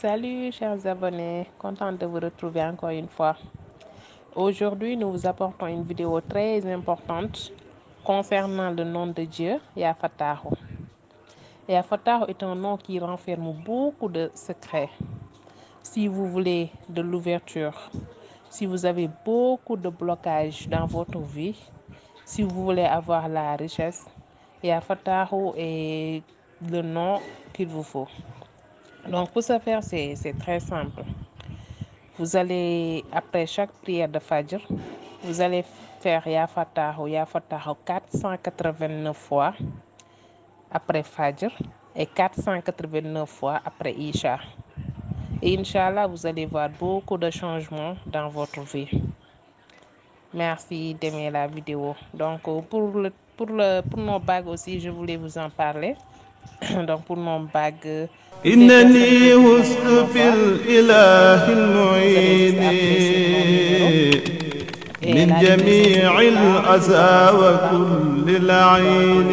Salut chers abonnés, content de vous retrouver encore une fois. Aujourd'hui, nous vous apportons une vidéo très importante concernant le nom de Dieu, Yafataho. Yafataho est un nom qui renferme beaucoup de secrets. Si vous voulez de l'ouverture, si vous avez beaucoup de blocages dans votre vie, si vous voulez avoir la richesse, Yafataho est le nom qu'il vous faut. Donc, pour ça faire, c'est très simple. Vous allez, après chaque prière de Fajr, vous allez faire Ya Fatah Ya Fatah 489 fois après Fajr et 489 fois après Isha. Et Inch'Allah, vous allez voir beaucoup de changements dans votre vie. Merci d'aimer la vidéo. Donc, pour, le, pour, le, pour nos bagues aussi, je voulais vous en parler. donc pour mon bague إنني وسط بالإله المعين من جميع الأذى وكل العين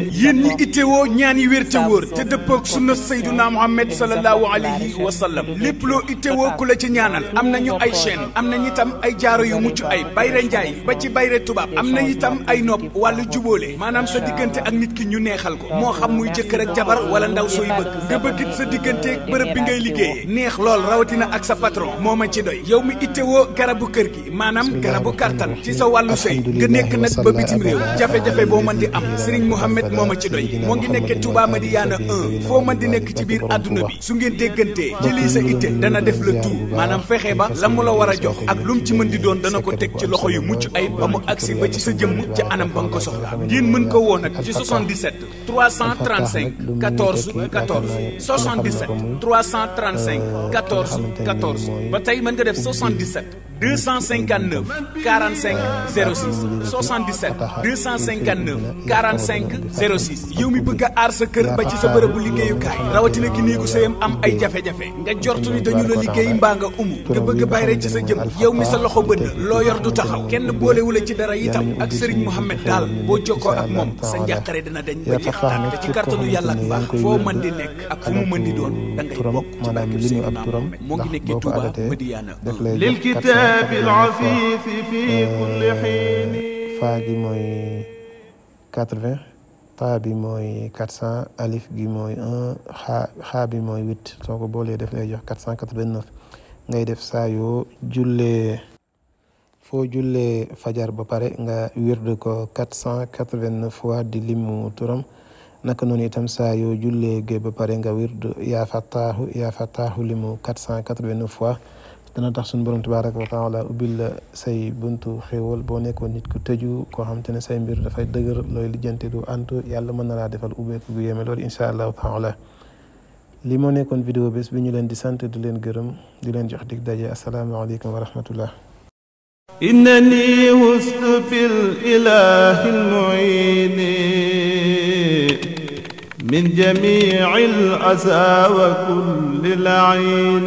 yéen ñi itteewoo ñaan yi wér te wóor te dëppook sunna sayduna muhammad salallahu alayhi wa sallam lépp loo itteewoo ku la ci ñaanal am nañu ay chaîne am nañu itam ay jaaro yu mucc ay bayre njaay ba ci bayre tubaab am na itam ay nopp wàllu jubóole maanaam sa diggante ak nit ki ñu neexal ko moo xam muy jëkkër ak jabar wala ndaw sooy bëgg nga bëggit sa diggante bërëb bi ngay liggéeyee neex lool rawatina ak sa patron moo ma ci doy yow mi ittewoo garabu kër gi maanaam garabu kartan ci sa wàllu sëy nga nekk nag ba bitim réew jafe-jafe boo mën di am sëriñ mohammed rek moo ma ci doy moo ngi nekk Touba Madiana 1 foo mën di nekk ci biir àdduna bi su ngeen déggantee ci lii sa itte dana def la tout maanaam fexe ba la mu la war a jox ak lu mu ci mën di doon dana ko teg ci loxo yu mucc ayib ba mu agsi ba ci sa jëmm ci anam ba nga ko soxlaa ngeen mën ko woo nag ci 77 335 14 14 77 335 14 14 ba tey mën nga def 77 259 45 06 77 259 45 06 yow mi bëgg aar sa kër ba ci sa bërëbu liggéeyukaay rawatina ki néegu am ay jafe-jafe nga jortu ni dañu la liggéey mbaa nga umu nga bëgg a ci sa jëm yow mi sa loxo bënn loo yor du taxaw kenn boolewula ci dara itam ak sëriñ Mouhamed daal boo jokkoo ak moom sa njàqare dina dañ ba jeex tànn te ci kàttanu yàlla ak baax foo mën di nekk ak fu mu mën di doon da ngay bokk ci sëriñ moo ngi nekkee lil kitab al afif fi kulli taa bi mooy quatre cent alif gi mooy un xaa xaa bi mooy huit soo ko boolee def lay jox quatre cent quatre-vingt-neuf ngay def saa yoo jullee foo jullee fajar ba pare nga wirdu ko quatre cent quatre-vingt-neuf fois di limu turam naka noonu itam saa yoo jullee ge ba pare nga wirdu yaa fattaahu yaa fattaahu limu quatre cent quatre-vingt-neuf fois dana tax sun borom tabaraka wa taala ubil say buntu xewal bo nekkoon nit ku tëju ko xamantene say mbir dafay dëgër looy lijjante du antu yàlla mën na laa defal ubbeeku gu yeme loolu incha allahu taala li moo nekkoon vidéo bés bi ñu leen di sant di leen gërëm di leen jox dig daje asalaamaaleykum wa rahmatullah إنني وسط في الإله المعين من جميع الأسى وكل العين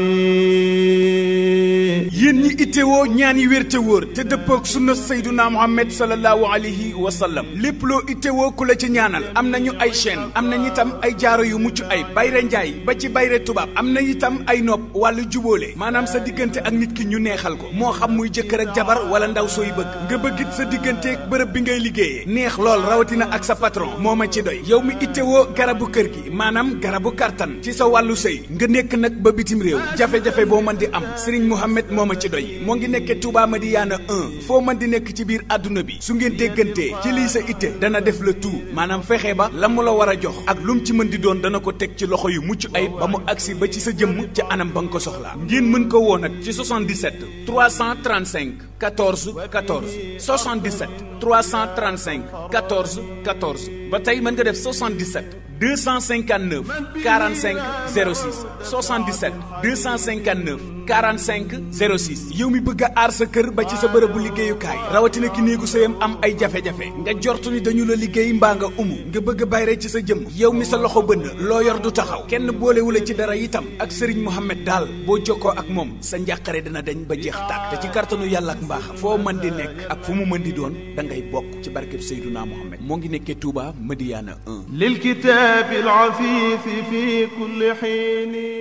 yéen ñi woo ñaan yi wérte wóor te dëppoog sunna sayduna muhammad salallahu alayhi wa sallam lépp loo ité woo ku la ci ñaanal am nañu ay chaine am nañu itam ay jaaro yu mucc ay bayre njaay ba ci bayre tubaab am na itam ay nopp wàllu juboole maanaam sa diggante ak nit ki ñu neexal ko moo xam muy jëkkër ak jabar wala ndaw sooy bëgg nga bëggit sa diggante bërëb bi ngay liggéeyee neex lool rawatina ak sa patron moo ma ci doy yow mi ité woo garabu kër gi maanaam garabu kartan ci sa wàllu sëy nga nekk nag ba bitim réew jafe-jafe boo mën di am sëriñ Muhammad moo ma ci doy moo ngi nekkee Touba Madiana 1 foo mën di nekk ci biir àdduna bi su ngeen déggantee ci lii sa itte dana def le tout maanaam fexe ba la mu la war a jox ak lu mu ci mën di doon dana ko teg ci loxo yu mucc ay ba mu agsi ba ci sa jëmm ci anam ba nga ko soxlaa ngeen mën ko woo nag ci 77 335 14 14 77 335 14 14 ba tey mën nga def 77 259 45 06 77 259 45 06 yow mi bëgg aar sa kër ba ci sa bërëbu liggéeyukaay rawatina ki néegu sëyam am ay jafe-jafe nga jortu ni dañu la liggéey mbaa nga umu nga bëgg a bayre ci sa jëmm yow mi sa loxo bënn loo yor du taxaw kenn boolewu la ci dara itam ak Serigne Mohamed daal boo jokkoo ak moom sa njàqare dina deñ ba jeex tàkk te ci kartanu yàlla ak mbaaxam foo man di nekk ak fu mu mën di doon da bokk ci barkeb Seydouna Mohamed moo ngi nekkee Touba Madiana 1 بالعفيف في كل حين